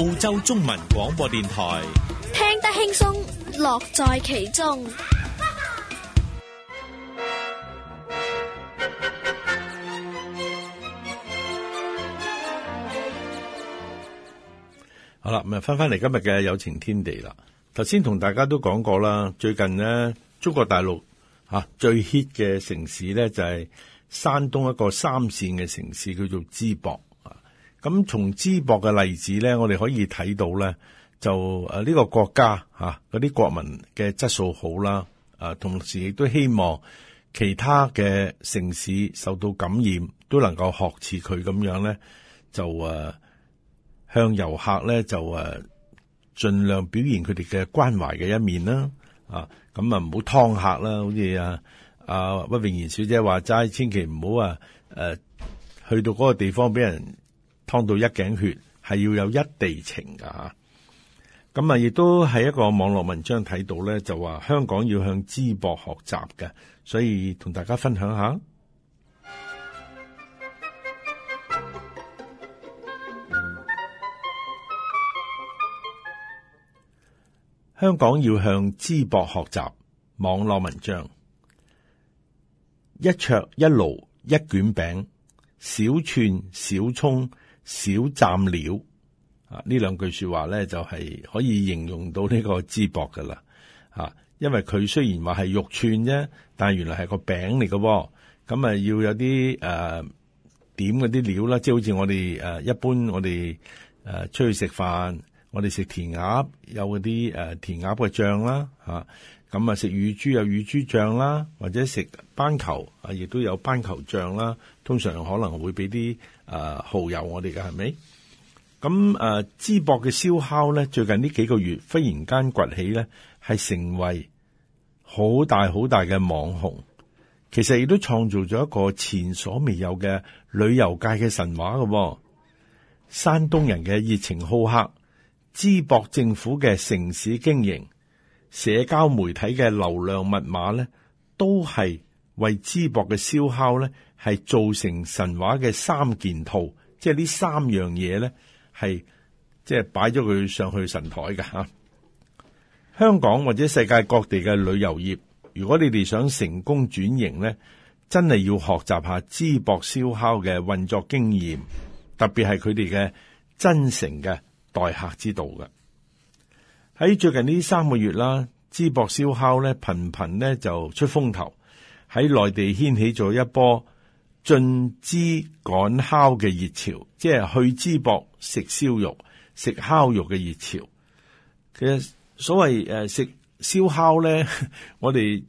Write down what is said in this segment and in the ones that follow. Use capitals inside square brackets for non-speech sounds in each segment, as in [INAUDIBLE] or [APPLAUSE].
澳洲中文廣播電台，聽得輕鬆，樂在其中。好啦，咁啊，翻翻嚟今日嘅有情天地啦。頭先同大家都講過啦，最近呢中國大陸吓、啊、最 hit 嘅城市呢，就係、是、山東一個三線嘅城市，叫做淄博。咁從淄博嘅例子咧，我哋可以睇到咧，就誒呢個國家吓嗰啲國民嘅質素好啦，啊，同時亦都希望其他嘅城市受到感染，都能夠學似佢咁樣咧，就誒、啊、向遊客咧就誒、啊、盡量表現佢哋嘅關懷嘅一面啦，啊，咁啊唔好劏客啦，好似啊阿屈榮賢小姐話齋千祈唔好啊誒、啊、去到嗰個地方俾人劏到一頸血，係要有一地情噶。咁啊，亦都係一個網絡文章睇到咧，就話香港要向淄博學習嘅，所以同大家分享下。 [MUSIC] 香港要向淄博學習。網絡文章，一桌一爐一卷餅，小串小蔥，小蘸料啊！呢兩句說話咧，就係可以形容到呢個淄博噶啦啊！因為佢雖然話係肉串啫，但係原來係個餅嚟噶噃，咁啊要有啲誒、呃、點嗰啲料啦，即係好似我哋誒一般，我哋誒出去食飯，我哋食田鴨有嗰啲誒田鴨嘅醬啦，吓咁啊食乳豬有乳豬醬啦，或者食斑球啊，亦都有斑球醬啦，通常可能會俾啲。啊，好友我哋嘅係咪？咁啊，淄博嘅燒烤咧，最近呢幾個月忽然間崛起咧，係成為好大好大嘅網紅。其實亦都創造咗一個前所未有嘅旅遊界嘅神話㗎喎。山東人嘅熱情好客，淄博政府嘅城市經營，社交媒體嘅流量密碼咧，都係。為淄博嘅燒烤呢係造成神話嘅三件套，即係呢三樣嘢呢係即係擺咗佢上去神台㗎吓。香港或者世界各地嘅旅遊業，如果你哋想成功轉型呢，真係要學習下淄博燒烤嘅運作經驗，特別係佢哋嘅真誠嘅待客之道㗎。喺最近呢三個月啦，淄博燒烤呢頻頻呢就出風頭。喺內地掀起咗一波進淄趕烤嘅熱潮，即係去淄博食燒肉、食烤肉嘅熱潮。其實所謂誒食燒烤咧，我哋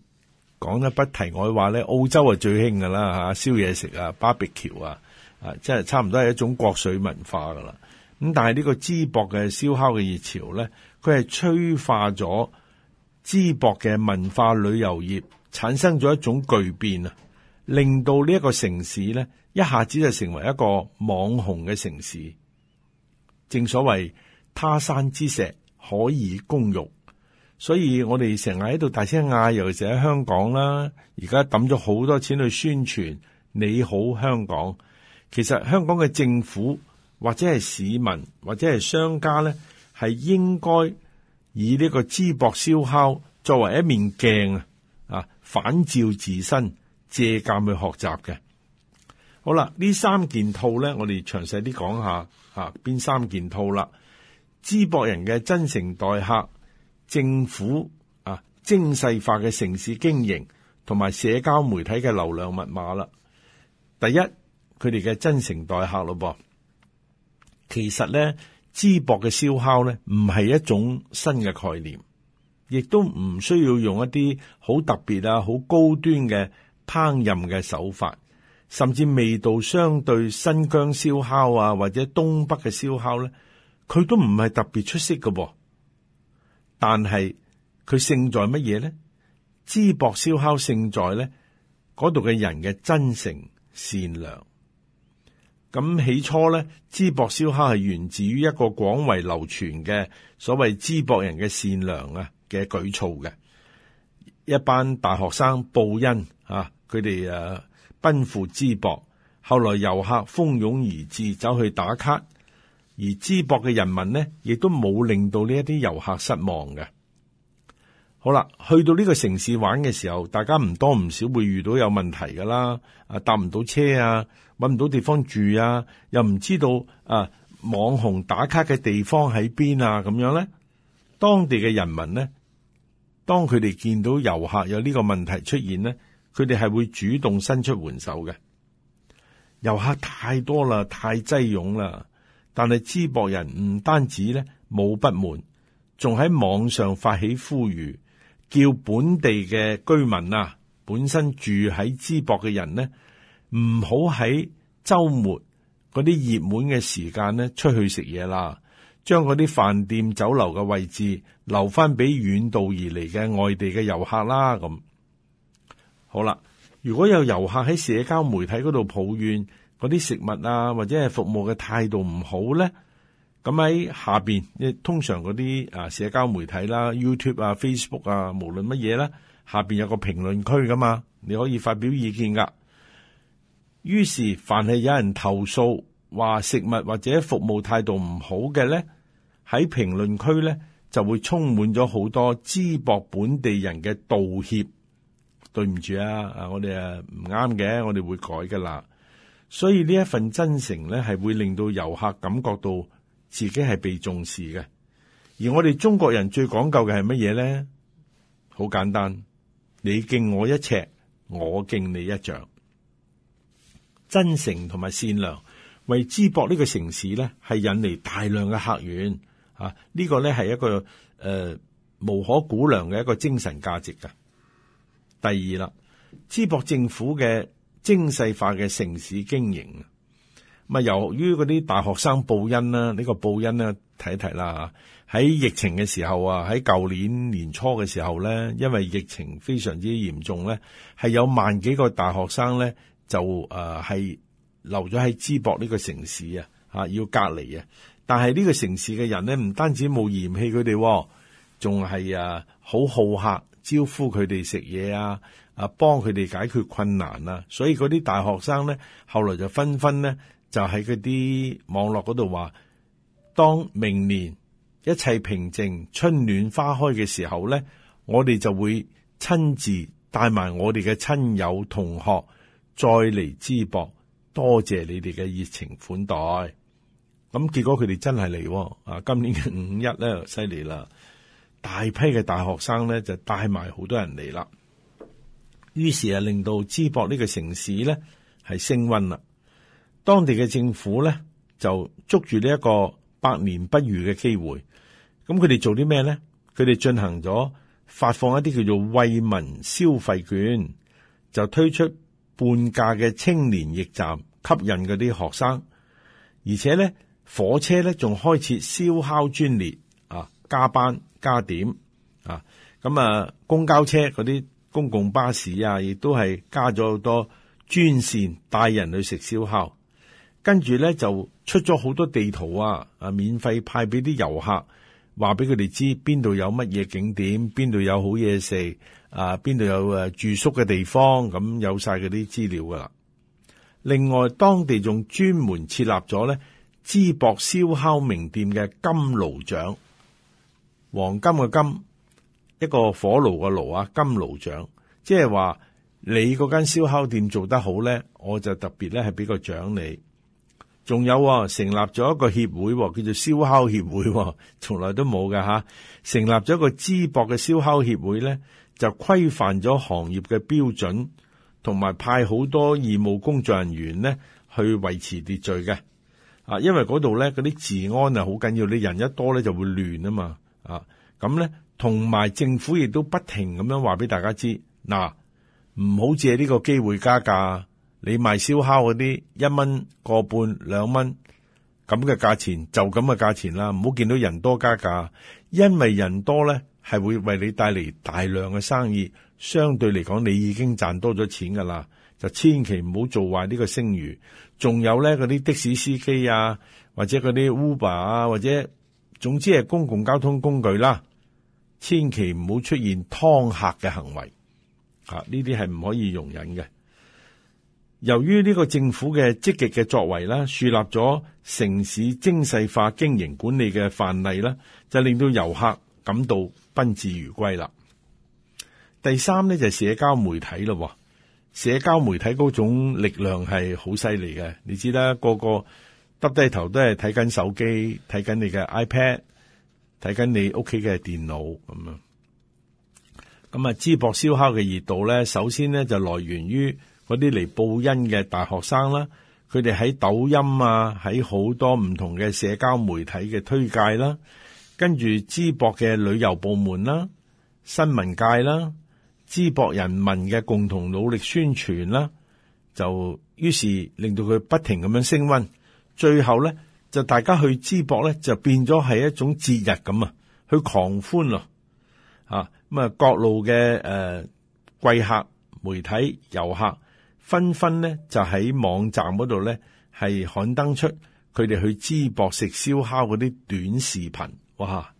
講得不題外話咧，澳洲最啊最興噶啦吓，燒嘢食啊，barbecue 啊，啊即係差唔多係一種國粹文化噶啦。咁、嗯、但係呢個淄博嘅燒烤嘅熱潮咧，佢係催化咗淄博嘅文化旅遊業。產生咗一種巨變啊，令到呢一個城市咧，一下子就成為一個網紅嘅城市。正所謂他山之石可以攻玉，所以我哋成日喺度大聲嗌，尤其係喺香港啦。而家抌咗好多錢去宣傳你好香港。其實香港嘅政府或者係市民或者係商家咧，係應該以呢個淄博燒烤作為一面鏡啊。反照自身，借鑒去學習嘅。好啦，呢三件套咧，我哋詳細啲講下嚇邊三件套啦。淄博人嘅真誠待客，政府啊精細化嘅城市經營，同埋社交媒體嘅流量密碼啦。第一，佢哋嘅真誠待客咯噃。其實咧，淄博嘅燒烤咧，唔係一種新嘅概念。亦都唔需要用一啲好特別啊、好高端嘅烹飪嘅手法，甚至味道相對新疆燒烤啊，或者東北嘅燒烤咧，佢都唔係特別出色嘅噃。但係佢勝在乜嘢咧？淄博燒烤勝在咧嗰度嘅人嘅真誠善良。咁起初咧，淄博燒烤係源自於一個廣為流傳嘅所謂淄博人嘅善良啊。嘅舉措嘅一班大學生報恩啊！佢哋誒奔赴淄博，後來遊客蜂擁而至走去打卡，而淄博嘅人民呢，亦都冇令到呢一啲遊客失望嘅。好啦，去到呢個城市玩嘅時候，大家唔多唔少會遇到有問題噶啦，啊搭唔到車啊，搵唔到地方住啊，又唔知道啊網紅打卡嘅地方喺邊啊，咁樣咧，當地嘅人民呢。當佢哋見到遊客有呢個問題出現呢，佢哋係會主動伸出援手嘅。遊客太多啦，太擠擁啦，但係淄博人唔單止呢冇不滿，仲喺網上發起呼籲，叫本地嘅居民啊，本身住喺淄博嘅人呢，唔好喺周末嗰啲熱門嘅時間呢出去食嘢啦，將嗰啲飯店酒樓嘅位置，留翻俾遠道而嚟嘅外地嘅遊客啦。咁好啦，如果有遊客喺社交媒體嗰度抱怨嗰啲食物啊，或者係服務嘅態度唔好咧，咁喺下邊，通常嗰啲啊社交媒體啦、YouTube 啊、Facebook 啊，無論乜嘢咧，下邊有個評論區噶嘛，你可以發表意見噶。於是，凡係有人投訴話食物或者服務態度唔好嘅咧，喺評論區咧。就會充滿咗好多淄博本地人嘅道歉。對唔住啊！啊，我哋啊唔啱嘅，我哋會改㗎啦。所以呢一份真誠咧，係會令到遊客感覺到自己係被重視嘅。而我哋中國人最講究嘅係乜嘢咧？好簡單，你敬我一尺，我敬你一丈。真誠同埋善良，為淄博呢個城市咧，係引嚟大量嘅客源。啊！呢個咧係一個誒、呃、無可估量嘅一個精神價值嘅。第二啦，淄博政府嘅精細化嘅城市經營啊，由於嗰啲大學生報恩啦，呢、呢個報恩呢，睇一睇啦，喺疫情嘅時候啊，喺舊年年初嘅時候咧，因為疫情非常之嚴重咧，係有萬幾個大學生咧就誒係、呃、留咗喺淄博呢個城市啊，啊要隔離啊。但係呢個城市嘅人咧，唔單止冇嫌棄佢哋，仲係啊好好客，招呼佢哋食嘢啊，啊幫佢哋解決困難啊，所以嗰啲大學生咧，後來就紛紛咧，就喺嗰啲網絡嗰度話，當明年一切平靜、春暖花開嘅時候咧，我哋就會親自帶埋我哋嘅親友同學再嚟淄博，多謝你哋嘅熱情款待。咁結果佢哋真係嚟，啊！今年嘅五一咧，犀利啦，大批嘅大學生咧就帶埋好多人嚟啦，於是啊令到淄博呢個城市咧係升溫啦。當地嘅政府咧就捉住呢一個百年不遇嘅機會，咁佢哋做啲咩咧？佢哋進行咗發放一啲叫做惠民消費券，就推出半價嘅青年驛站，吸引嗰啲學生，而且咧。火車咧仲開設燒烤專列啊，加班加點啊。咁啊，公交車嗰啲公共巴士啊，亦都係加咗好多專線帶人去食燒烤。跟住咧就出咗好多地圖啊，啊，免費派俾啲遊客，話俾佢哋知邊度有乜嘢景點，邊度有好嘢食啊，邊度有誒住宿嘅地方，咁、啊、有晒嗰啲資料噶啦。另外，當地仲專門設立咗咧。淄博燒烤名店嘅金爐獎，黃金嘅金一個火爐嘅爐啊，金爐獎，即係話你嗰間燒烤店做得好咧，我就特別咧係俾個獎你。仲有，有啊，成立咗一個協會叫做燒烤協會，從來都冇㗎吓。成立咗一個淄博嘅燒烤協會咧，就規範咗行業嘅標準，同埋派好多義務工作人員咧去維持秩序嘅。啊，因為嗰度咧，啲治安啊好緊要，你人一多咧就會亂啊嘛，啊，咁咧同埋政府亦都不停咁樣話俾大家知，嗱，唔好借呢個機會加價，你賣燒烤嗰啲一蚊個半兩蚊咁嘅價錢就咁嘅價錢啦，唔好見到人多加價，因為人多咧係會為你帶嚟大量嘅生意，相對嚟講你已經賺多咗錢㗎啦，就千祈唔好做壞呢個聲譽。仲有咧嗰啲的士司機啊，或者嗰啲 Uber 啊，或者總之係公共交通工具啦，啊，千祈唔好出現劏客嘅行為，吓呢啲係唔可以容忍嘅。由於呢個政府嘅積極嘅作為啦，樹立咗城市精細化經營管理嘅範例啦，就令到遊客感到賓至如歸啦。第三呢，就係、是、社交媒體咯。社交媒體嗰種力量係好犀利嘅，你知啦，個個耷低頭都係睇緊手機，睇緊你嘅 iPad，睇緊你屋企嘅電腦咁樣。咁啊，淄博燒烤嘅熱度咧，首先咧就來源於嗰啲嚟報恩嘅大學生啦，佢哋喺抖音啊，喺好多唔同嘅社交媒體嘅推介啦，跟住淄博嘅旅遊部門啦，新聞界啦。淄博人民嘅共同努力宣傳啦，就於是令到佢不停咁樣升溫。最後咧，就大家去淄博咧，就變咗係一種節日咁啊，去狂歡咯啊！咁啊，各路嘅誒貴客、媒體、遊客，紛紛咧就喺網站嗰度咧係刊登出佢哋去淄博食燒烤嗰啲短視頻，哇！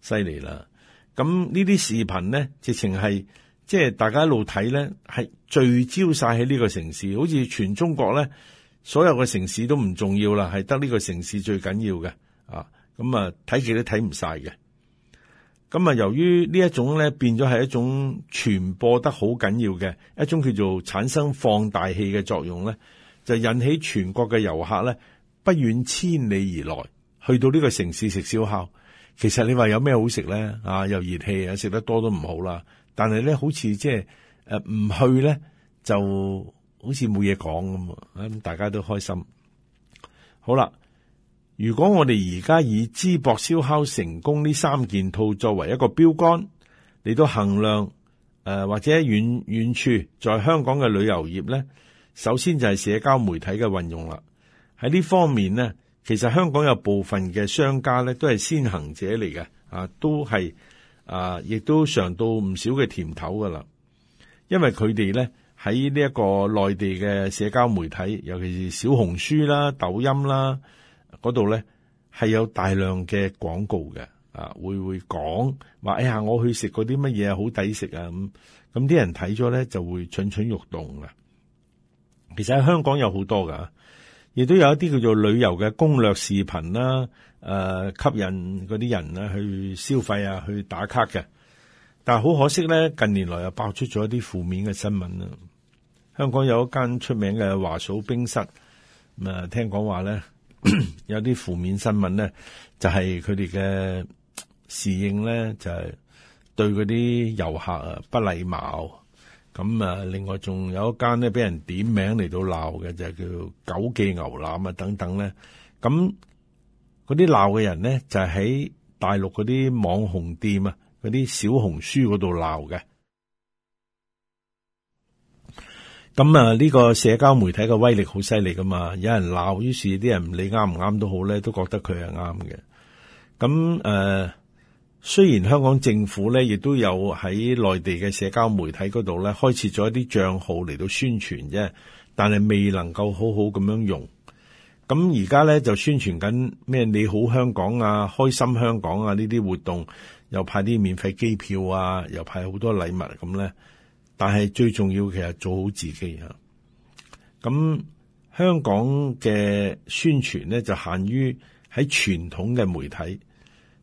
犀利啦！咁啊，呢啲視頻咧，直情係。即係大家一路睇咧，係聚焦晒喺呢個城市，好似全中國咧，所有嘅城市都唔重要啦，係得呢個城市最緊要嘅。啊，咁啊睇極都睇唔晒嘅。咁啊，由於呢一種咧變咗係一種傳播得好緊要嘅一種叫做產生放大器嘅作用咧，就引起全國嘅遊客咧不遠千里而來，去到呢個城市食燒烤。其實你話有咩好食咧？啊，又熱氣啊，食得多都唔好啦。但係咧，好似即係誒，唔、呃、去咧，就好似冇嘢講咁啊！大家都開心。好啦，如果我哋而家以淄博燒烤成功呢三件套作為一個標杆，你都衡量誒、呃，或者遠遠處在香港嘅旅遊業咧，首先就係社交媒體嘅運用啦。喺呢方面咧，其實香港有部分嘅商家咧，都係先行者嚟嘅啊，都係。啊！亦都嘗到唔少嘅甜頭噶啦，因為佢哋咧喺呢一個內地嘅社交媒體，尤其是小紅書啦、抖音啦嗰度咧，係有大量嘅廣告嘅。啊，會會講話哎呀，我去食嗰啲乜嘢好抵食啊！咁咁啲人睇咗咧就會蠢蠢欲動噶。其實喺香港有好多噶，亦都有一啲叫做旅遊嘅攻略視頻啦。誒，吸引嗰啲人咧去消費啊，去打卡嘅。但係好可惜咧，近年來又爆出咗一啲負面嘅新聞啦。香港有一間出名嘅華嫂冰室，啊，聽講話咧有啲負面新聞咧，就係佢哋嘅侍應咧就係對嗰啲遊客啊不禮貌。咁啊，另外仲有一間咧俾人點名嚟到鬧嘅，就係叫九記牛腩啊等等咧。咁嗰啲鬧嘅人咧，就係喺大陸嗰啲網紅店啊，嗰啲小紅書嗰度鬧嘅。咁啊，呢個社交媒體嘅威力好犀利噶嘛，有人鬧，於是啲人唔理啱唔啱都好咧，都覺得佢係啱嘅。咁誒，雖然香港政府咧亦都有喺內地嘅社交媒體嗰度咧開設咗一啲賬號嚟到宣傳啫，但係未能夠好好咁樣用。咁而家咧就宣傳緊咩？你好香港啊，開心香港啊！呢啲活動又派啲免費機票啊，又派好多禮物咁、啊、咧。但係最重要其實做好自己啊。咁香港嘅宣傳咧就限於喺傳統嘅媒體，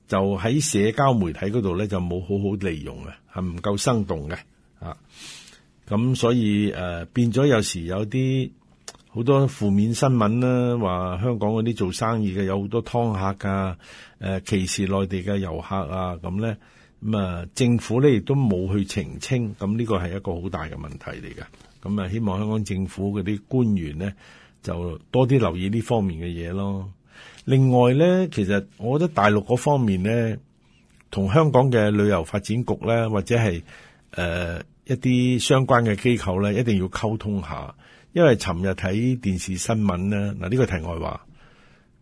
就喺社交媒體嗰度咧就冇好好利用啊，係唔夠生動嘅啊。咁所以誒、呃、變咗有時有啲。好多負面新聞啦，話香港嗰啲做生意嘅有好多劏客啊，誒、呃、歧視內地嘅遊客啊，咁咧咁啊，政府咧亦都冇去澄清，咁呢個係一個好大嘅問題嚟㗎。咁啊，希望香港政府嗰啲官員咧，就多啲留意呢方面嘅嘢咯。另外咧，其實我覺得大陸嗰方面咧，同香港嘅旅遊發展局咧，或者係誒、呃、一啲相關嘅機構咧，一定要溝通下。因為尋日睇電視新聞咧，嗱、這、呢個題外話，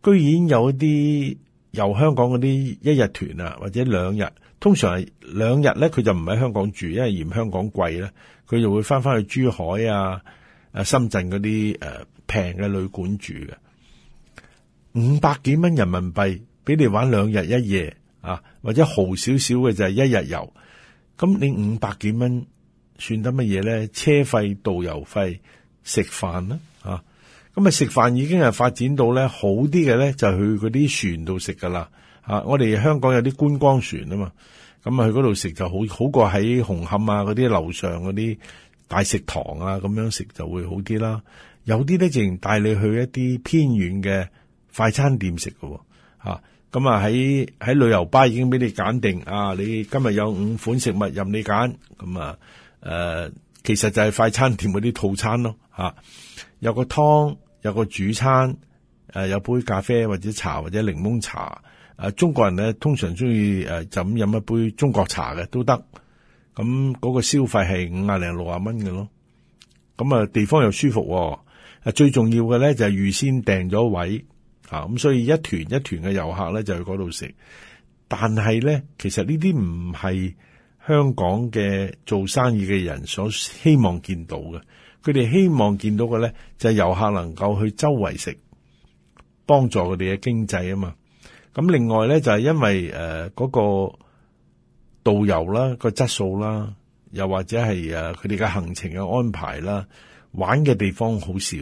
居然有一啲由香港嗰啲一日團啊，或者兩日，通常兩日咧，佢就唔喺香港住，因為嫌香港貴咧，佢就會翻翻去珠海啊、啊深圳嗰啲誒平嘅旅館住嘅五百幾蚊人民幣俾你玩兩日一夜啊，或者豪少少嘅就係一日遊。咁你五百幾蚊算得乜嘢咧？車費、導遊費。食飯啦，嚇！咁啊，食飯已經係發展到咧好啲嘅咧，就去嗰啲船度食噶啦，嚇！我哋香港有啲觀光船啊嘛，咁啊，啊去嗰度食就好好過喺紅磡啊嗰啲樓上嗰啲大食堂啊咁、啊、樣食就會好啲啦。有啲咧仲帶你去一啲偏遠嘅快餐店食㗎喎，咁啊喺喺、啊、旅遊巴已經俾你揀定，啊你今日有五款食物任你揀，咁啊誒。啊啊其實就係快餐店嗰啲套餐咯，吓、啊、有個湯，有個主餐，誒、啊、有杯咖啡或者茶或者檸檬茶，誒、啊、中國人咧通常中意誒就咁飲一杯中國茶嘅都得，咁、啊、嗰、那個消費係五啊零六啊蚊嘅咯，咁啊地方又舒服、哦，啊最重要嘅咧就係預先訂咗位，啊咁所以一團一團嘅遊客咧就去嗰度食，但係咧其實呢啲唔係。香港嘅做生意嘅人所希望見到嘅，佢哋希望見到嘅咧就係遊客能夠去周圍食，幫助佢哋嘅經濟啊嘛。咁另外咧就係因為誒嗰個導遊啦個質素啦，又或者係誒佢哋嘅行程嘅安排啦，玩嘅地方好少，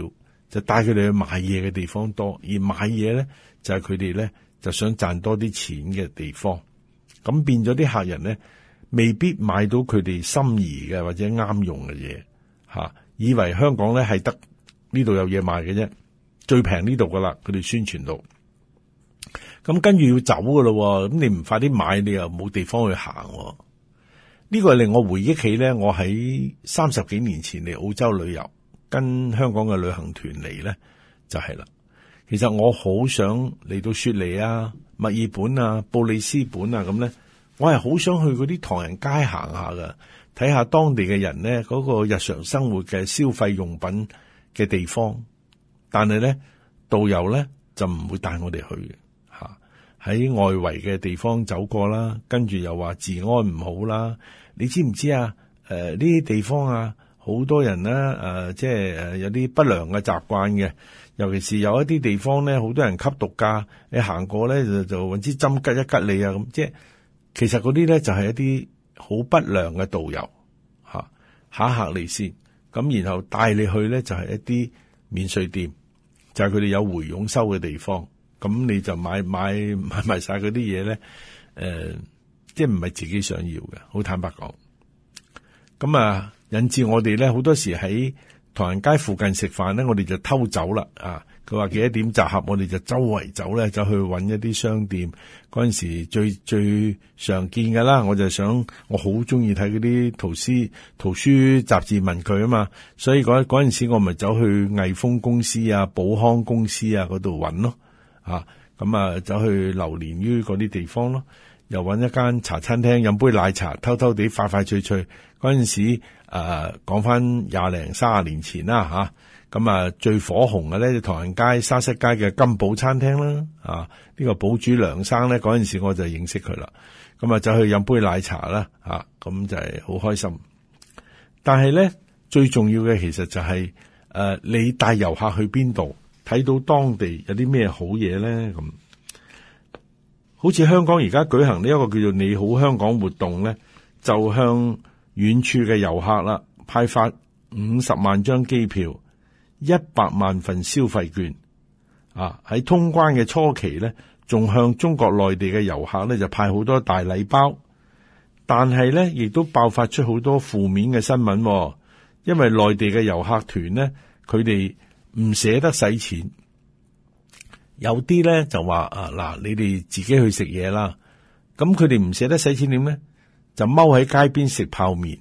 就帶佢哋去買嘢嘅地方多，而買嘢咧就係佢哋咧就想賺多啲錢嘅地方，咁變咗啲客人咧。未必買到佢哋心儀嘅或者啱用嘅嘢，嚇、啊！以為香港咧係得呢度有嘢賣嘅啫，最平呢度噶啦，佢哋宣傳到。咁、嗯、跟住要走噶咯、哦，咁你唔快啲買，你又冇地方去行、哦。呢個係令我回憶起咧，我喺三十幾年前嚟澳洲旅遊，跟香港嘅旅行團嚟咧，就係、是、啦。其實我好想嚟到雪梨啊、墨爾本啊、布利斯本啊咁咧。我係好想去嗰啲唐人街行下噶，睇下當地嘅人咧，嗰、那個日常生活嘅消費用品嘅地方。但係咧，導遊咧就唔會帶我哋去吓喺外圍嘅地方走過啦。跟住又話治安唔好啦。你知唔知啊？誒、呃，呢啲地方啊，好多人咧、啊、誒、呃，即係誒有啲不良嘅習慣嘅，尤其是有一啲地方咧，好多人吸毒噶。你行過咧就就揾支針吉一吉你啊，咁即係。其實嗰啲咧就係一啲好不良嘅導遊，吓吓客你先，咁然後帶你去咧就係一啲免稅店，就係佢哋有回佣收嘅地方，咁你就買買買埋晒嗰啲嘢咧，誒、呃，即係唔係自己想要嘅，好坦白講。咁啊，引致我哋咧好多時喺唐人街附近食飯咧，我哋就偷走啦，啊！佢話幾多點集合，我哋就周圍走咧，走去揾一啲商店。嗰陣時最最常見嘅啦，我就想我好中意睇嗰啲圖書圖書雜誌，問佢啊嘛。所以嗰嗰陣時我咪走去藝豐公司啊、寶康公司啊嗰度揾咯，吓咁啊，啊走去榴蓮墟嗰啲地方咯，又揾一間茶餐廳飲杯奶茶，偷偷地快快脆脆。嗰陣時誒講翻廿零卅年前啦吓。啊咁啊，最火紅嘅咧，唐人街、沙石街嘅金寶餐廳啦，啊，呢、這個寶主梁生咧，嗰陣時我就認識佢啦。咁啊，走去飲杯奶茶啦，吓、啊、咁就係好開心。但係咧，最重要嘅其實就係、是、誒、啊，你帶遊客去邊度，睇到當地有啲咩好嘢咧？咁好似香港而家舉行呢一個叫做《你好香港》活動咧，就向遠處嘅遊客啦派發五十萬張機票。一百萬份消費券啊！喺通關嘅初期呢，仲向中國內地嘅遊客呢就派好多大禮包，但係呢亦都爆發出好多負面嘅新聞哦，因為內地嘅遊客團呢，佢哋唔捨得使錢，有啲呢就話啊嗱，你哋自己去食嘢啦，咁佢哋唔捨得使錢點呢？就踎喺街邊食泡麵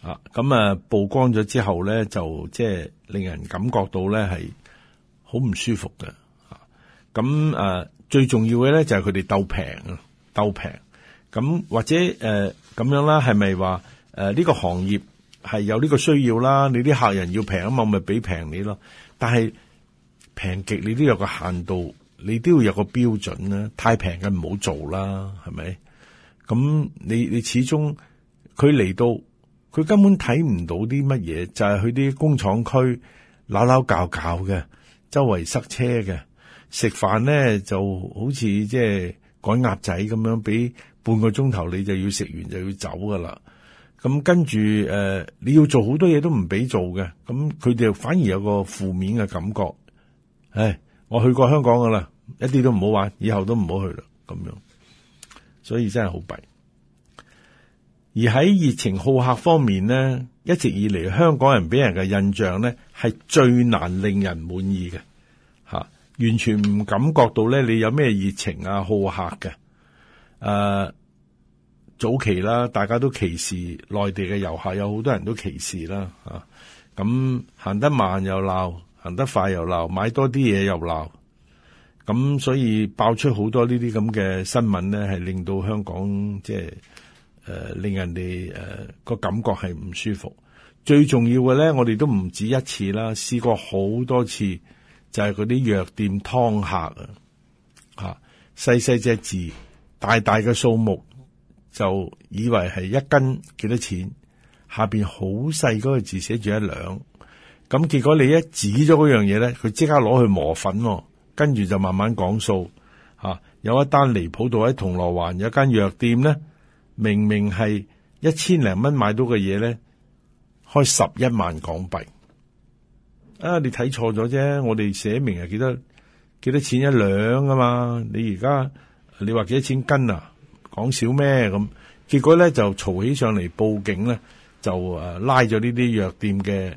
啊！咁啊，啊曝光咗之後呢，就即係。令人感覺到咧係好唔舒服嘅嚇，咁、啊、誒最重要嘅咧就係佢哋鬥平啊，鬥平，咁或者誒咁、呃、樣啦，係咪話誒呢個行業係有呢個需要啦？你啲客人要平啊嘛，咪俾平你咯。但係平極你都有個限度，你都要有個標準啦。太平嘅唔好做啦，係咪？咁、啊、你你始終佢嚟到。佢根本睇唔到啲乜嘢，就係、是、去啲工廠區鬧鬧搞搞嘅，周圍塞車嘅，食飯咧就好似即係趕鴨仔咁樣，俾半個鐘頭你就要食完就要走噶啦。咁、嗯、跟住誒、呃，你要做好多嘢都唔俾做嘅，咁佢哋反而有個負面嘅感覺。唉，我去過香港噶啦，一啲都唔好玩，以後都唔好去啦。咁樣，所以真係好弊。而喺熱情好客方面呢，一直以嚟香港人俾人嘅印象呢，係最難令人滿意嘅吓、啊，完全唔感覺到咧，你有咩熱情啊好客嘅誒、啊，早期啦，大家都歧視內地嘅遊客，有好多人都歧視啦吓，咁、啊、行得慢又鬧，行得快又鬧，買多啲嘢又鬧，咁、啊、所以爆出好多呢啲咁嘅新聞呢，係令到香港即係。誒，令人哋誒個感覺係唔舒服。最重要嘅咧，我哋都唔止一次啦，試過好多次，就係嗰啲藥店劏客啊，吓，細細隻字，大大嘅數目，就以為係一斤幾多錢，下邊好細嗰個字寫住一兩，咁結果你一指咗嗰樣嘢咧，佢即刻攞去磨粉、哦，跟住就慢慢講數，吓、啊、有一單離譜度喺銅鑼灣有一間藥店咧。明明係一千零蚊買到嘅嘢咧，開十一萬港幣啊！你睇錯咗啫，我哋寫明係幾多幾多錢一兩啊嘛！你而家你話幾多錢斤啊？講少咩？咁結果咧就嘈起上嚟，報警咧就誒拉咗呢啲藥店嘅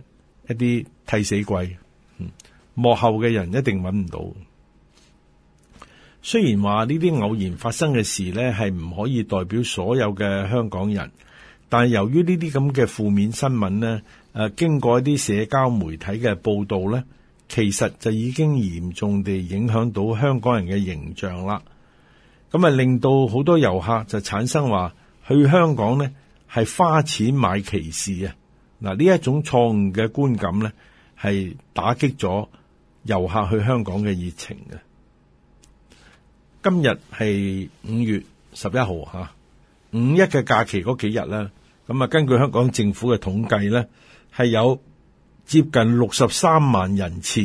一啲替死鬼，嗯，幕後嘅人一定揾唔到。雖然話呢啲偶然發生嘅事咧，係唔可以代表所有嘅香港人，但係由於呢啲咁嘅負面新聞咧，誒、啊、經過一啲社交媒體嘅報道呢，其實就已經嚴重地影響到香港人嘅形象啦。咁啊，令到好多遊客就產生話去香港呢係花錢買歧視啊！嗱，呢一種錯誤嘅觀感呢，係打擊咗遊客去香港嘅熱情嘅。今日係五月十一號吓，五一嘅假期嗰幾日咧，咁啊根據香港政府嘅統計咧，係有接近六十三萬人次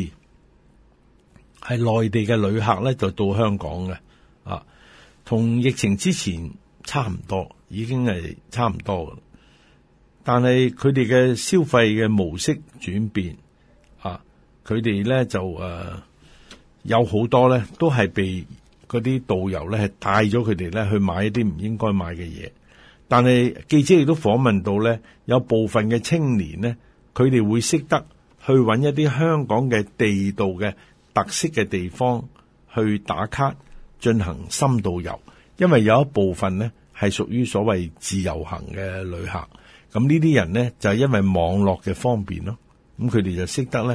係內地嘅旅客咧就到香港嘅，啊，同疫情之前差唔多，已經係差唔多嘅，但係佢哋嘅消費嘅模式轉變啊，佢哋咧就誒、啊、有好多咧都係被。嗰啲導遊咧係帶咗佢哋咧去買一啲唔應該買嘅嘢，但係記者亦都訪問到咧，有部分嘅青年呢，佢哋會識得去搵一啲香港嘅地道嘅特色嘅地方去打卡進行深度遊，因為有一部分呢係屬於所謂自由行嘅旅客，咁呢啲人呢，就係因為網絡嘅方便咯，咁佢哋就識得咧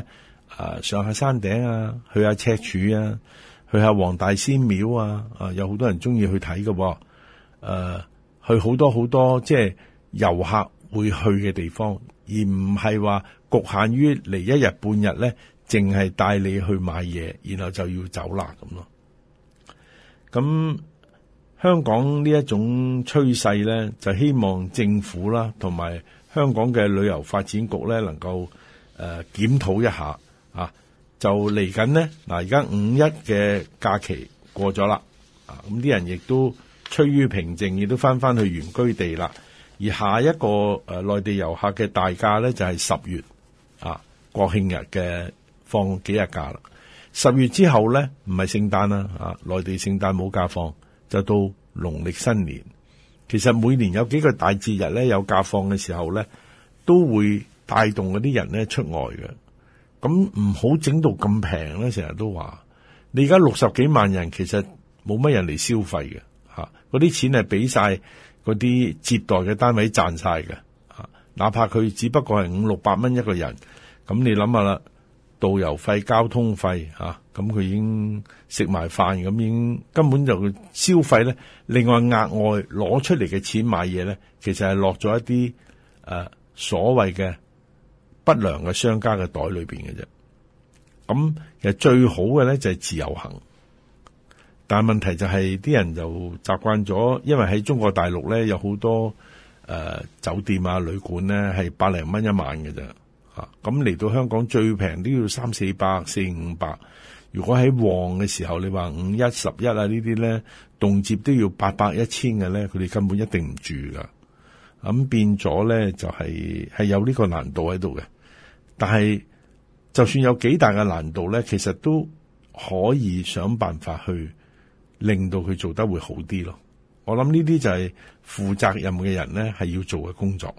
啊、呃、上下山頂啊，去下赤柱啊。去下黃大仙廟啊！啊，有好多人中意去睇嘅，哦，誒、呃，去好多好多即係遊客會去嘅地方，而唔係話局限於嚟一日半日咧，淨係帶你去買嘢，然後就要走啦咁咯。咁、嗯、香港呢一種趨勢咧，就希望政府啦，同埋香港嘅旅遊發展局咧，能夠誒檢討一下啊。就嚟緊呢，嗱而家五一嘅假期過咗啦，啊咁啲人亦都趨於平靜，亦都翻翻去原居地啦。而下一個誒內地遊客嘅大假呢，就係十月啊國慶日嘅放幾日假啦。十月之後呢，唔係聖誕啦，啊內地聖誕冇假放，就到農曆新年。其實每年有幾個大節日咧有假放嘅時候咧，都會帶動嗰啲人咧出外嘅。咁唔好整到咁平咧，成日都話你而家六十幾萬人，其實冇乜人嚟消費嘅吓，嗰、啊、啲錢係俾晒嗰啲接待嘅單位賺晒嘅吓，哪怕佢只不過係五六百蚊一個人，咁、啊嗯、你諗下啦，導遊費、交通費吓，咁、啊、佢、嗯、已經食埋飯，咁、嗯、已經根本就消費咧，另外額外攞出嚟嘅錢買嘢咧，其實係落咗一啲誒、啊、所謂嘅。不良嘅商家嘅袋裏邊嘅啫，咁其實最好嘅咧就係、是、自由行，但係問題就係、是、啲人就習慣咗，因為喺中國大陸咧有好多誒、呃、酒店啊旅館咧係百零蚊一晚嘅啫，吓咁嚟到香港最平都要三四百四五百，如果喺旺嘅時候你話五一十一啊呢啲咧，動輒都要八百一千嘅咧，佢哋根本一定唔住噶，咁變咗咧就係、是、係有呢個難度喺度嘅。但係，就算有幾大嘅難度咧，其實都可以想辦法去令到佢做得會好啲咯。我諗呢啲就係負責任嘅人咧，係要做嘅工作。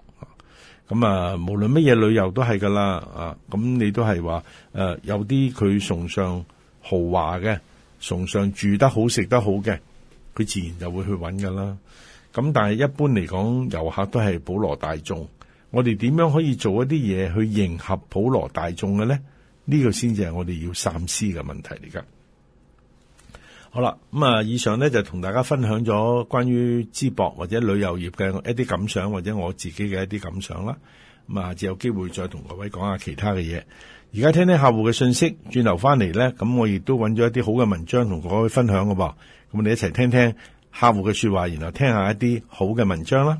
咁啊，無論乜嘢旅遊都係噶啦，啊，咁你都係話，誒、啊、有啲佢崇尚豪華嘅，崇尚住得好食得好嘅，佢自然就會去揾噶啦。咁、啊、但係一般嚟講，遊客都係普羅大眾。我哋點樣可以做一啲嘢去迎合普羅大眾嘅咧？呢個先至係我哋要三思嘅問題嚟噶。好啦，咁啊，以上咧就同大家分享咗關於淄博或者旅遊業嘅一啲感想，或者我自己嘅一啲感想啦。咁啊，下次有機會再同各位講下其他嘅嘢。而家聽聽客戶嘅信息，轉頭翻嚟咧，咁我亦都揾咗一啲好嘅文章同各位分享噶噃。咁我哋一齊聽聽客戶嘅說話，然後聽下一啲好嘅文章啦。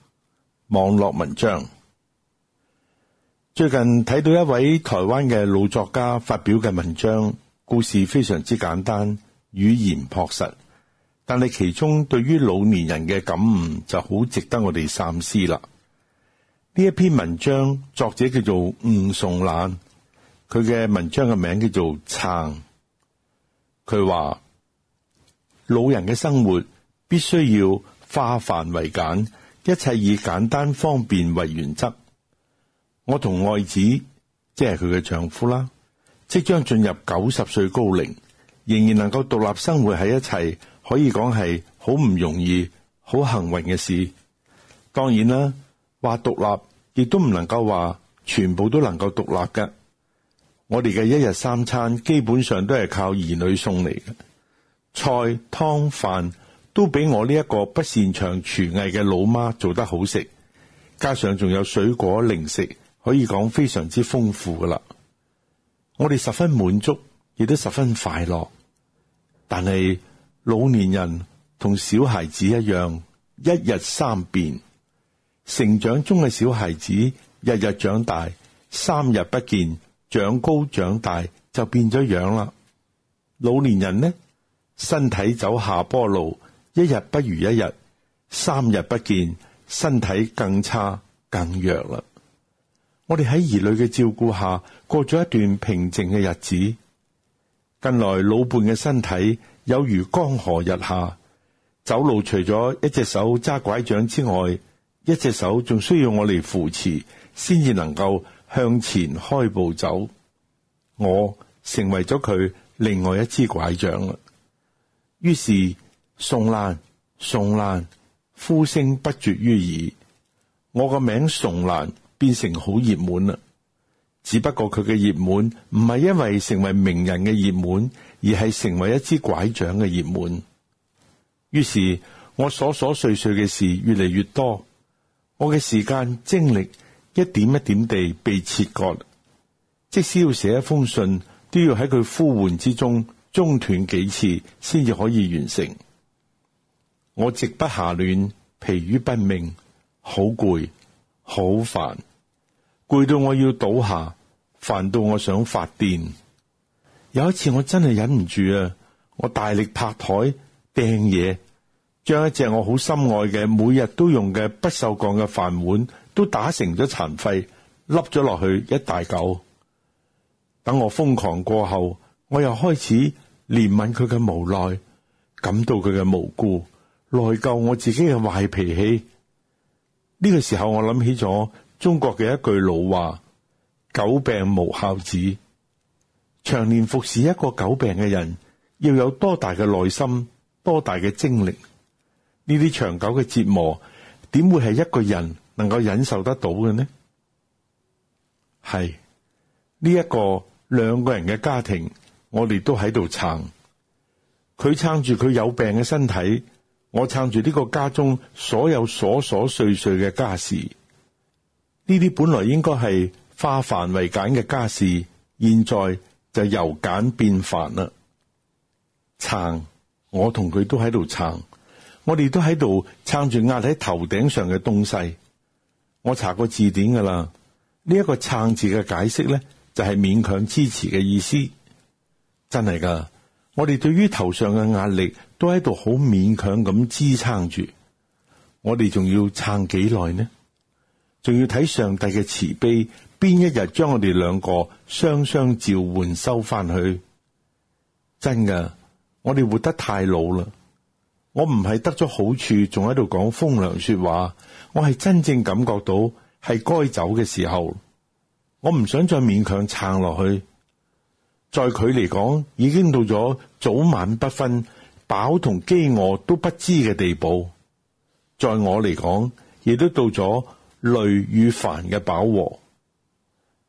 網絡文章。最近睇到一位台灣嘅老作家發表嘅文章，故事非常之簡單，語言樸實，但係其中對於老年人嘅感悟就好值得我哋三思啦。呢一篇文章作者叫做吳頌蘭，佢嘅文章嘅名叫做《撐》。佢話老人嘅生活必須要化繁為簡。一切以簡單方便為原則。我同外子，即係佢嘅丈夫啦，即將進入九十歲高齡，仍然能夠獨立生活喺一齊，可以講係好唔容易，好幸運嘅事。當然啦，話獨立亦都唔能夠話全部都能夠獨立嘅。我哋嘅一日三餐基本上都係靠兒女送嚟嘅菜湯飯，湯飯都俾我呢一個不擅長廚藝嘅老媽做得好食，加上仲有水果零食，可以講非常之豐富㗎啦。我哋十分滿足，亦都十分快樂。但係老年人同小孩子一樣，一日三變。成長中嘅小孩子日日長大，三日不見，長高長大就變咗樣啦。老年人呢，身體走下坡路。一日不如一日，三日不見，身體更差更弱啦。我哋喺兒女嘅照顧下過咗一段平靜嘅日子。近來老伴嘅身體有如江河日下，走路除咗一隻手揸拐杖之外，一隻手仲需要我嚟扶持，先至能夠向前開步走。我成為咗佢另外一支拐杖啦。於是。宋蘭，宋蘭，呼聲不絕於耳。我個名宋蘭變成好熱門啦。只不過佢嘅熱門唔係因為成為名人嘅熱門，而係成為一支拐杖嘅熱門。於是我瑣瑣碎碎嘅事越嚟越多，我嘅時間精力一點一點地被切割。即使要寫一封信，都要喺佢呼喚之中中斷幾次，先至可以完成。我直不下亂，疲於不命，好攰好煩，攰到我要倒下，煩到我想發癲。有一次我真係忍唔住啊！我大力拍台掟嘢，將一隻我好心愛嘅每日都用嘅不鏽鋼嘅飯碗都打成咗殘廢，甩咗落去一大嚿。等我瘋狂過後，我又開始憐憫佢嘅無奈，感到佢嘅無辜。內疚我自己嘅壞脾氣呢個時候，我諗起咗中國嘅一句老話：久病無孝子，長年服侍一個久病嘅人，要有多大嘅耐心，多大嘅精力？呢啲長久嘅折磨，點會係一個人能夠忍受得到嘅呢？係呢一個兩個人嘅家庭，我哋都喺度撐，佢撐住佢有病嘅身體。我撐住呢個家中所有瑣瑣碎碎嘅家事，呢啲本來應該係化繁為簡嘅家事，現在就由簡變繁啦。撐，我同佢都喺度撐，我哋都喺度撐住壓喺頭頂上嘅東西。我查過字典噶啦，呢一個撐字嘅解釋咧，就係勉強支持嘅意思。真係噶，我哋對於頭上嘅壓力，都喺度好勉強咁支撐住，我哋仲要撐幾耐呢？仲要睇上帝嘅慈悲，邊一日將我哋兩個雙雙召喚收翻去？真噶，我哋活得太老啦！我唔係得咗好處，仲喺度講風涼說話。我係真正感覺到係該走嘅時候，我唔想再勉強撐落去。在佢嚟講，已經到咗早晚不分。飽同飢餓都不知嘅地步，在我嚟講，亦都到咗累與煩嘅飽和。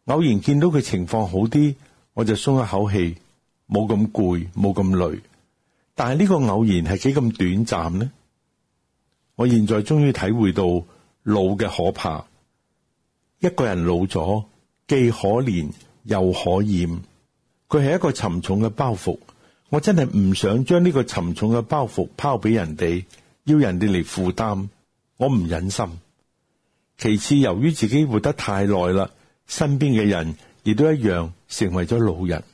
偶然見到佢情況好啲，我就鬆一口氣，冇咁攰，冇咁累。但係呢個偶然係幾咁短暫呢？我現在終於體會到老嘅可怕。一個人老咗，既可憐又可厭，佢係一個沉重嘅包袱。我真係唔想將呢個沉重嘅包袱拋俾人哋，要人哋嚟負擔，我唔忍心。其次，由於自己活得太耐啦，身邊嘅人亦都一樣成為咗老人，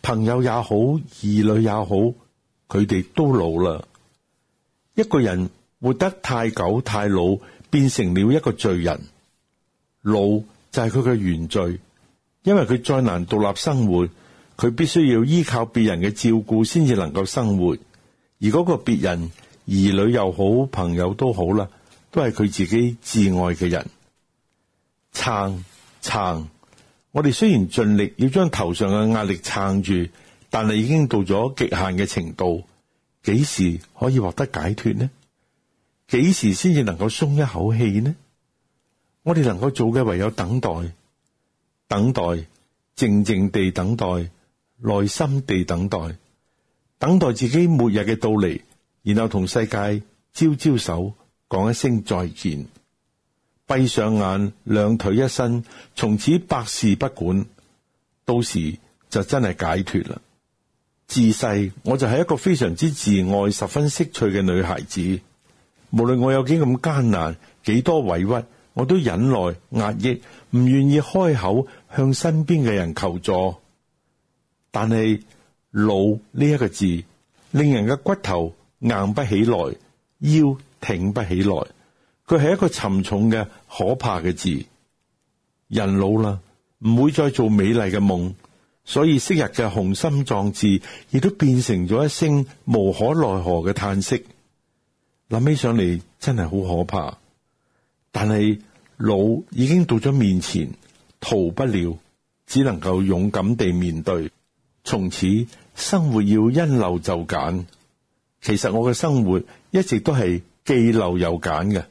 朋友也好，兒女也好，佢哋都老啦。一個人活得太久太老，變成了一個罪人，老就係佢嘅原罪，因為佢再難獨立生活。佢必須要依靠別人嘅照顧先至能夠生活，而嗰個別人兒女又好，朋友都好啦，都係佢自己至愛嘅人撐撐。我哋雖然盡力要將頭上嘅壓力撐住，但係已經到咗極限嘅程度。幾時可以獲得解脫呢？幾時先至能夠鬆一口氣呢？我哋能夠做嘅唯有等待，等待，靜靜地等待。耐心地等待，等待自己末日嘅到嚟，然後同世界招招手，講一聲再見，閉上眼，兩腿一伸，從此百事不管，到時就真係解脫啦。自細我就係一個非常之自愛、十分識趣嘅女孩子，無論我有幾咁艱難、幾多委屈，我都忍耐壓抑，唔願意開口向身邊嘅人求助。但係老呢一個字，令人嘅骨頭硬不起來，腰挺不起來。佢係一個沉重嘅可怕嘅字。人老啦，唔會再做美麗嘅夢，所以昔日嘅雄心壯志，亦都變成咗一聲無可奈何嘅嘆息。諗起上嚟，真係好可怕。但係老已經到咗面前，逃不了，只能夠勇敢地面對。從此生活要因陋就簡，其實我嘅生活一直都係既陋又簡嘅。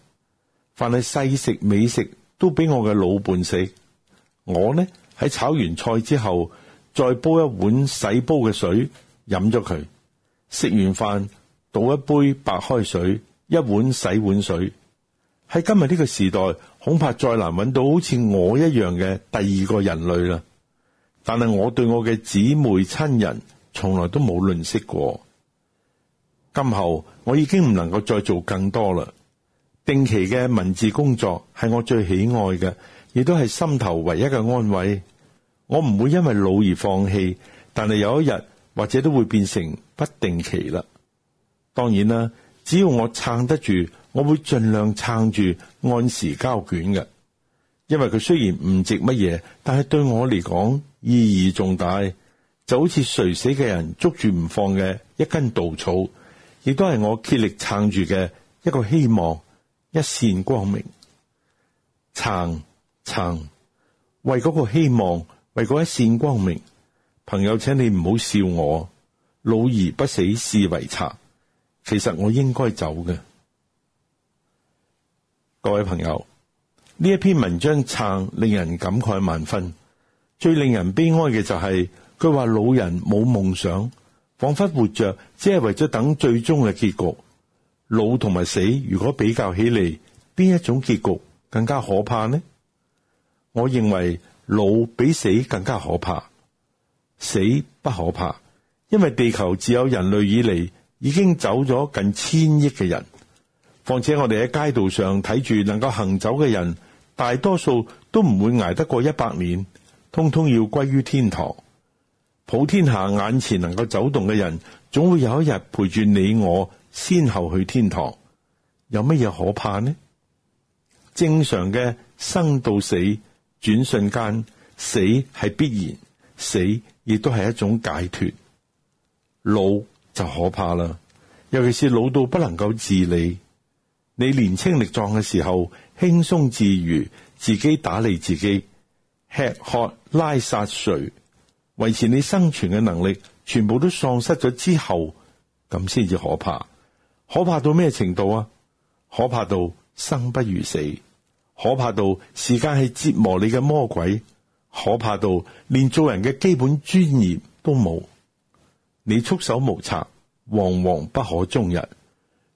凡係細食美食都俾我嘅老伴食，我呢，喺炒完菜之後再煲一碗洗煲嘅水飲咗佢，食完飯，倒一杯白開水，一碗洗碗水。喺今日呢個時代，恐怕再難揾到好似我一樣嘅第二個人類啦。但係我對我嘅姊妹親人，從來都冇吝惜過。今後我已經唔能夠再做更多啦。定期嘅文字工作係我最喜愛嘅，亦都係心頭唯一嘅安慰。我唔會因為老而放棄，但係有一日或者都會變成不定期啦。當然啦，只要我撐得住，我會盡量撐住按時交卷嘅。因為佢雖然唔值乜嘢，但係對我嚟講，意義重大，就好似垂死嘅人捉住唔放嘅一根稻草，亦都係我竭力撐住嘅一個希望，一線光明。撐撐，為嗰個希望，為嗰一線光明，朋友，請你唔好笑我，老而不死是為賊。其實我應該走嘅，各位朋友，呢一篇文章撐，令人感慨萬分。最令人悲哀嘅就係佢話老人冇夢想，仿佛活着只係為咗等最終嘅結局。老同埋死，如果比較起嚟，邊一種結局更加可怕呢？我認為老比死更加可怕，死不可怕，因為地球自有人類以嚟已經走咗近千億嘅人。況且我哋喺街道上睇住能夠行走嘅人，大多數都唔會挨得過一百年。通通要歸於天堂，普天下眼前能夠走動嘅人，總會有一日陪住你我，先後去天堂，有乜嘢可怕呢？正常嘅生到死，轉瞬間，死係必然，死亦都係一種解脫。老就可怕啦，尤其是老到不能夠自理。你年輕力壯嘅時候，輕鬆自如，自己打理自己。吃喝拉撒睡，維持你生存嘅能力，全部都喪失咗之後，咁先至可怕。可怕到咩程度啊？可怕到生不如死，可怕到時間係折磨你嘅魔鬼，可怕到連做人嘅基本尊嚴都冇，你束手無策，惶惶不可終日，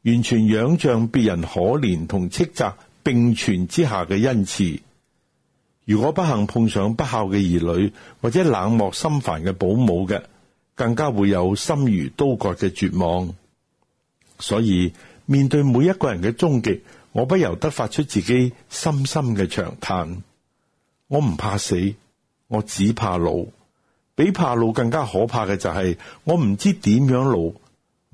完全仰仗別人可憐同斥責並存之下嘅恩賜。如果不幸碰上不孝嘅兒女，或者冷漠心煩嘅保姆嘅，更加會有心如刀割嘅絕望。所以面對每一個人嘅終極，我不由得發出自己深深嘅長嘆。我唔怕死，我只怕老。比怕老更加可怕嘅就係、是、我唔知點樣老，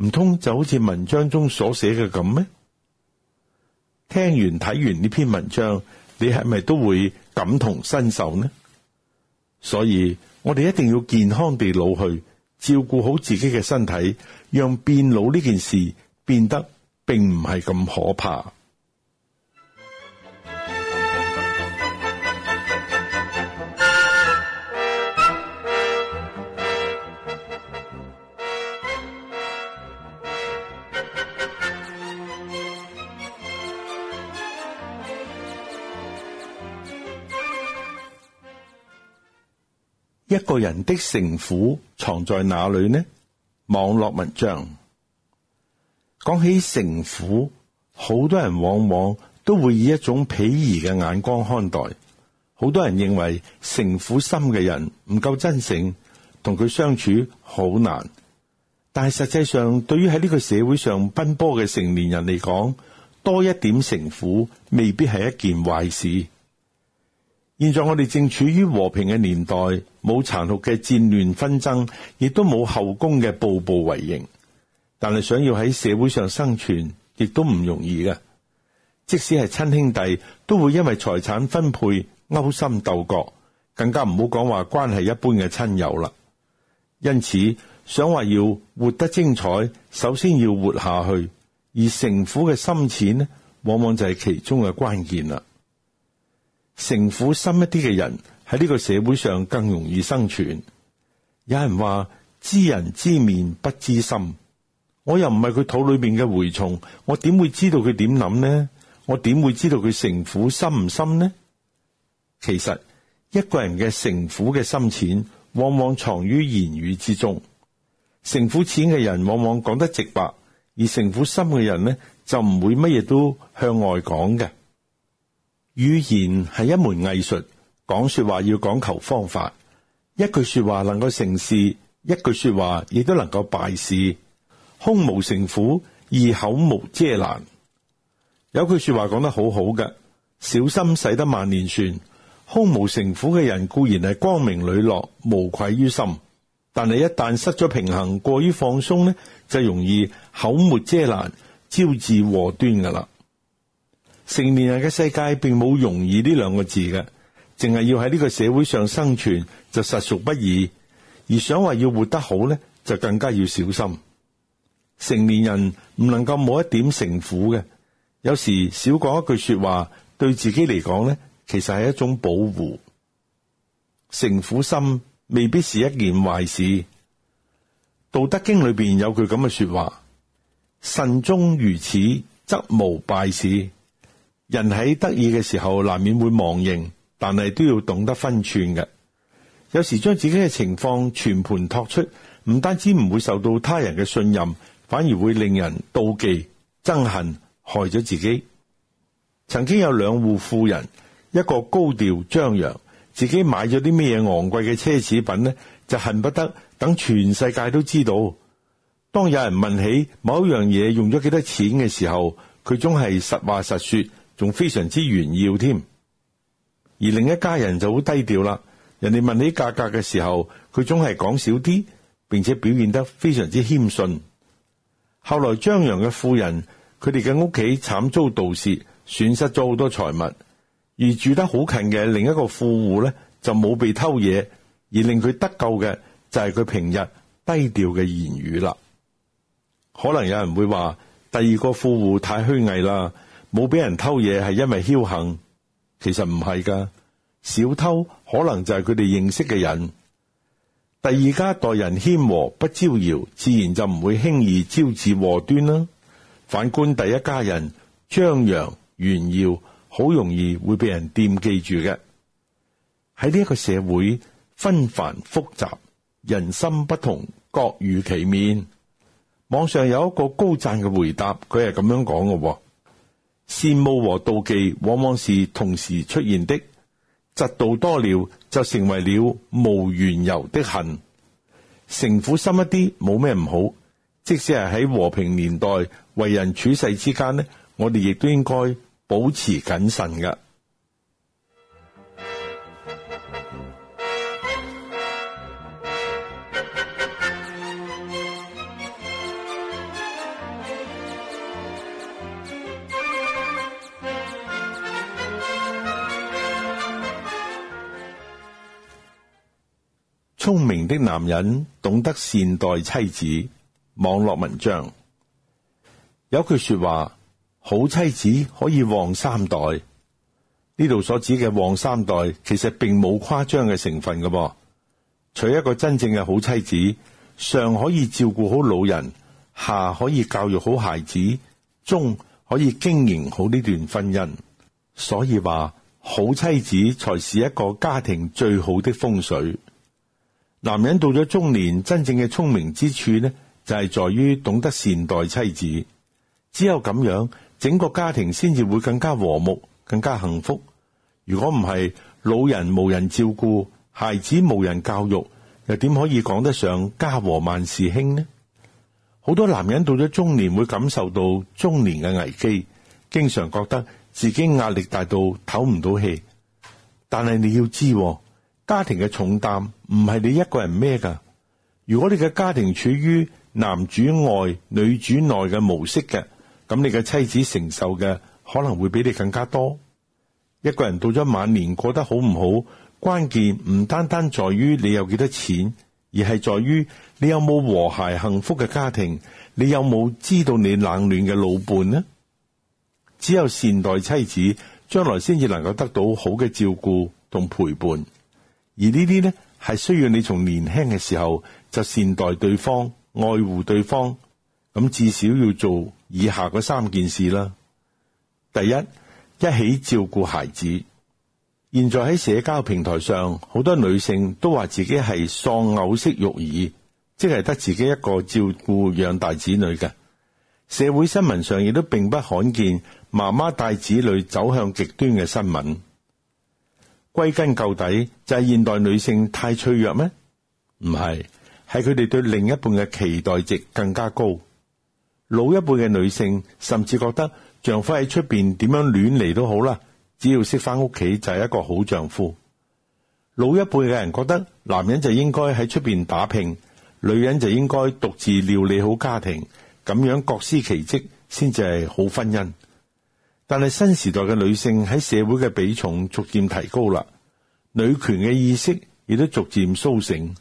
唔通就好似文章中所寫嘅咁咩？聽完睇完呢篇文章，你係咪都會？感同身受呢，所以我哋一定要健康地老去，照顧好自己嘅身體，讓變老呢件事變得並唔係咁可怕。一個人的城府藏在哪裏呢？網絡文章。講起城府，好多人往往都會以一種鄙夷嘅眼光看待。好多人認為城府深嘅人唔夠真誠，同佢相處好難。但係實際上，對於喺呢個社會上奔波嘅成年人嚟講，多一點城府未必係一件壞事。現在我哋正處於和平嘅年代，冇殘酷嘅戰亂紛爭，亦都冇後宮嘅步步為營。但係想要喺社會上生存，亦都唔容易嘅。即使係親兄弟，都會因為財產分配勾心鬥角，更加唔好講話關係一般嘅親友啦。因此，想話要活得精彩，首先要活下去，而城府嘅深淺呢，往往就係其中嘅關鍵啦。城府深一啲嘅人喺呢個社會上更容易生存。有人話，知人知面不知心，我又唔係佢肚裏面嘅蛔蟲，我點會知道佢點諗呢？我點會知道佢城府深唔深呢？其實一個人嘅城府嘅深淺，往往藏於言語之中。城府淺嘅人往往講得直白，而城府深嘅人呢，就唔會乜嘢都向外講嘅。語言係一門藝術，講說話要講求方法。一句說話能夠成事，一句說話亦都能夠敗事。胸無城府而口無遮攔，有句說話講得好好嘅：小心使得萬年船。胸無城府嘅人固然係光明磊落、無愧於心，但係一旦失咗平衡、過於放鬆呢，就容易口無遮攔，招致禍端噶啦。成年人嘅世界並冇容易呢兩個字嘅，淨係要喺呢個社會上生存就實屬不易，而想話要活得好咧，就更加要小心。成年人唔能夠冇一點城府嘅，有時少講一句說話，對自己嚟講咧，其實係一種保護。城府心未必是一件壞事，《道德經》裏邊有句咁嘅說話：慎終如此，則無敗事。人喺得意嘅時候，難免會忘形，但係都要懂得分寸嘅。有時將自己嘅情況全盤托出，唔單止唔會受到他人嘅信任，反而會令人妒忌、憎恨，害咗自己。曾經有兩戶富人，一個高調張揚，自己買咗啲咩嘢昂貴嘅奢侈品呢，就恨不得等全世界都知道。當有人問起某樣嘢用咗幾多錢嘅時候，佢總係實話實說。仲非常之炫耀添，而另一家人就好低調啦。人哋問起價格嘅時候，佢總係講少啲，並且表現得非常之謙遜。後來張揚嘅富人，佢哋嘅屋企慘遭盜竊，損失咗好多財物；而住得好近嘅另一個富戶咧，就冇被偷嘢，而令佢得救嘅就係佢平日低調嘅言語啦。可能有人會話第二個富戶太虛偽啦。冇俾人偷嘢，係因為僥倖，其實唔係噶。小偷可能就係佢哋認識嘅人。第二家待人謙和不招搖，自然就唔會輕易招致禍端啦。反觀第一家人張揚炫耀，好容易會俾人惦記住嘅。喺呢一個社會紛繁複雜，人心不同，各如其面。網上有一個高讚嘅回答，佢係咁樣講嘅。羨慕和妒忌往往是同時出現的，嫉妒多了就成為了無緣由的恨。城府深一啲冇咩唔好，即使係喺和平年代為人處世之間呢，我哋亦都應該保持謹慎噶。聰明的男人懂得善待妻子。網絡文章有句說話，好妻子可以旺三代。呢度所指嘅旺三代，其實並冇誇張嘅成分噃，娶一個真正嘅好妻子，上可以照顧好老人，下可以教育好孩子，中可以經營好呢段婚姻，所以話好妻子才是一個家庭最好的風水。男人到咗中年，真正嘅聰明之處呢，就係在於懂得善待妻子。只有咁樣，整個家庭先至會更加和睦、更加幸福。如果唔係，老人無人照顧，孩子無人教育，又點可以講得上家和萬事興呢？好多男人到咗中年，會感受到中年嘅危機，經常覺得自己壓力大到唞唔到氣。但係你要知。家庭嘅重擔唔係你一個人孭㗎？如果你嘅家庭處於男主外女主內嘅模式嘅，咁你嘅妻子承受嘅可能會比你更加多。一個人到咗晚年過得好唔好，關鍵唔單單在於你有幾多錢，而係在於你有冇和諧幸福嘅家庭，你有冇知道你冷暖嘅老伴呢？只有善待妻子，將來先至能夠得到好嘅照顧同陪伴。而呢啲呢，係需要你從年輕嘅時候就善待對方、愛護對方，咁至少要做以下嗰三件事啦。第一，一起照顧孩子。現在喺社交平台上，好多女性都話自己係喪偶式育兒，即係得自己一個照顧養大子女嘅。社會新聞上亦都並不罕見，媽媽帶子女走向極端嘅新聞。歸根究底就係現代女性太脆弱咩？唔係，係佢哋對另一半嘅期待值更加高。老一輩嘅女性甚至覺得丈夫喺出邊點樣亂嚟都好啦，只要識返屋企就係一個好丈夫。老一輩嘅人覺得男人就應該喺出邊打拼，女人就應該獨自料理好家庭，咁樣各司其職先至係好婚姻。但係新時代嘅女性喺社會嘅比重逐漸提高啦，女權嘅意識亦都逐漸蘇醒。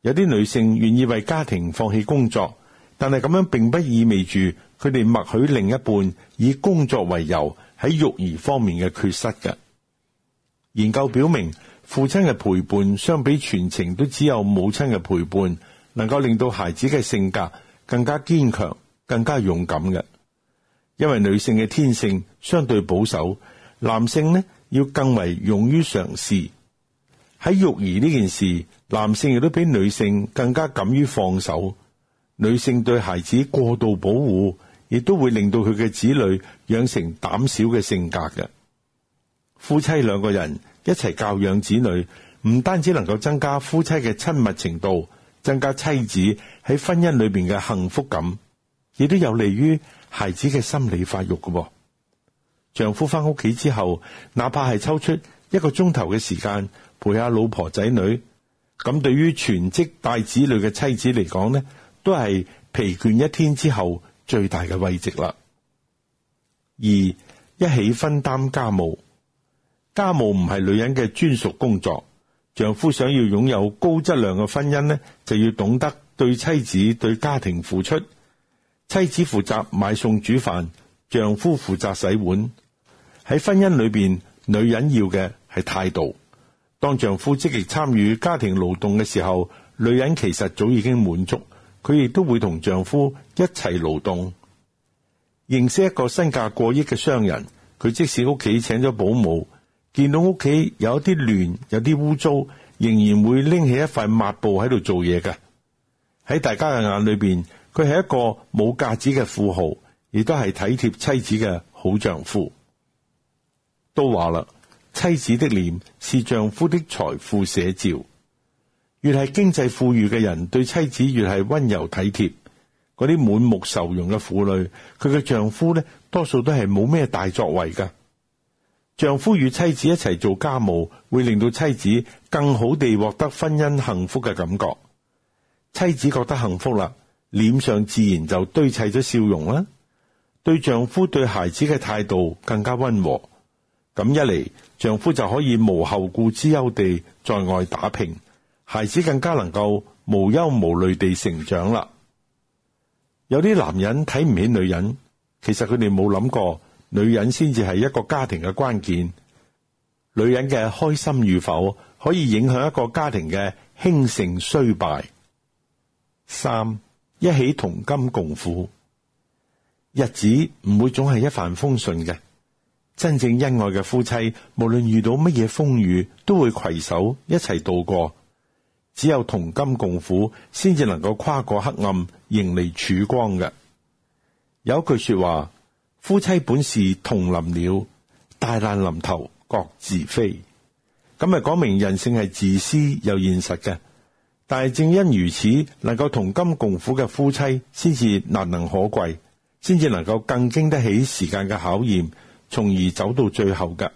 有啲女性願意為家庭放棄工作，但係咁樣並不意味住佢哋默許另一半以工作為由喺育兒方面嘅缺失嘅。研究表明，父親嘅陪伴相比全程都只有母親嘅陪伴，能夠令到孩子嘅性格更加堅強、更加勇敢嘅。因為女性嘅天性相對保守，男性呢要更為勇於嘗試。喺育兒呢件事，男性亦都比女性更加敢於放手。女性對孩子過度保護，亦都會令到佢嘅子女養成膽小嘅性格嘅。夫妻兩個人一齊教養子女，唔單止能夠增加夫妻嘅親密程度，增加妻子喺婚姻裏邊嘅幸福感，亦都有利於。孩子嘅心理發育嘅。哦，丈夫翻屋企之後，哪怕係抽出一個鐘頭嘅時間陪下老婆仔女，咁對於全職帶子女嘅妻子嚟講呢，都係疲倦一天之後最大嘅慰藉啦。二一起分擔家務，家務唔係女人嘅專屬工作。丈夫想要擁有高質量嘅婚姻呢，就要懂得對妻子，對家庭付出。妻子負責買餸煮飯，丈夫負責洗碗。喺婚姻裏邊，女人要嘅係態度。當丈夫積極參與家庭勞動嘅時候，女人其實早已經滿足，佢亦都會同丈夫一齊勞動。認識一個身價過億嘅商人，佢即使屋企請咗保姆，見到屋企有啲亂、有啲污糟，仍然會拎起一塊抹布喺度做嘢嘅。喺大家嘅眼裏邊，佢係一個冇架子嘅富豪，亦都係體貼妻子嘅好丈夫。都話啦，妻子的臉是丈夫的財富寫照。越係經濟富裕嘅人，對妻子越係溫柔體貼。嗰啲滿目愁容嘅婦女，佢嘅丈夫呢，多數都係冇咩大作為噶。丈夫與妻子一齊做家務，會令到妻子更好地獲得婚姻幸福嘅感覺。妻子覺得幸福啦。臉上自然就堆砌咗笑容啦，對丈夫、對孩子嘅態度更加温和。咁一嚟，丈夫就可以無後顧之憂地在外打拼，孩子更加能夠無憂無慮地成長啦。有啲男人睇唔起女人，其實佢哋冇諗過，女人先至係一個家庭嘅關鍵。女人嘅開心與否，可以影響一個家庭嘅興盛衰敗。三。一起同甘共苦，日子唔會總係一帆風順嘅。真正恩愛嘅夫妻，無論遇到乜嘢風雨，都會攜手一齊度過。只有同甘共苦，先至能夠跨過黑暗，迎嚟曙光嘅。有句說話：夫妻本是同林鳥，大難臨頭各自飛。咁咪講明人性係自私又現實嘅。但係正因如此，能夠同甘共苦嘅夫妻，先至難能可貴，先至能夠更經得起時間嘅考驗，從而走到最後嘅。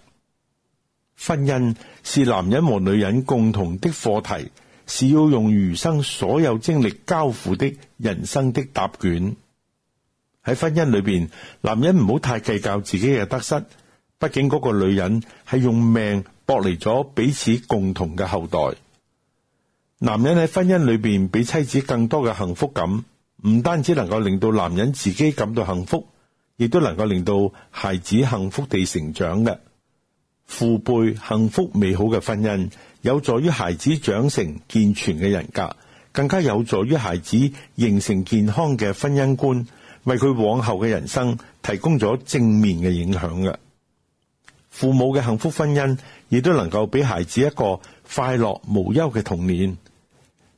婚姻是男人和女人共同的課題，是要用餘生所有精力交付的人生的答卷。喺婚姻裏邊，男人唔好太計較自己嘅得失，畢竟嗰個女人係用命搏嚟咗彼此共同嘅後代。男人喺婚姻裏邊俾妻子更多嘅幸福感，唔單止能夠令到男人自己感到幸福，亦都能夠令到孩子幸福地成長嘅父輩幸福美好嘅婚姻，有助於孩子長成健全嘅人格，更加有助於孩子形成健康嘅婚姻觀，為佢往後嘅人生提供咗正面嘅影響嘅父母嘅幸福婚姻，亦都能夠俾孩子一個。快樂無憂嘅童年，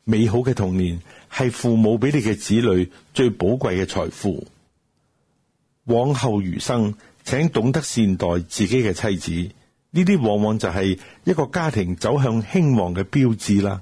美好嘅童年，係父母俾你嘅子女最寶貴嘅財富。往後餘生，請懂得善待自己嘅妻子，呢啲往往就係一個家庭走向興旺嘅標誌啦。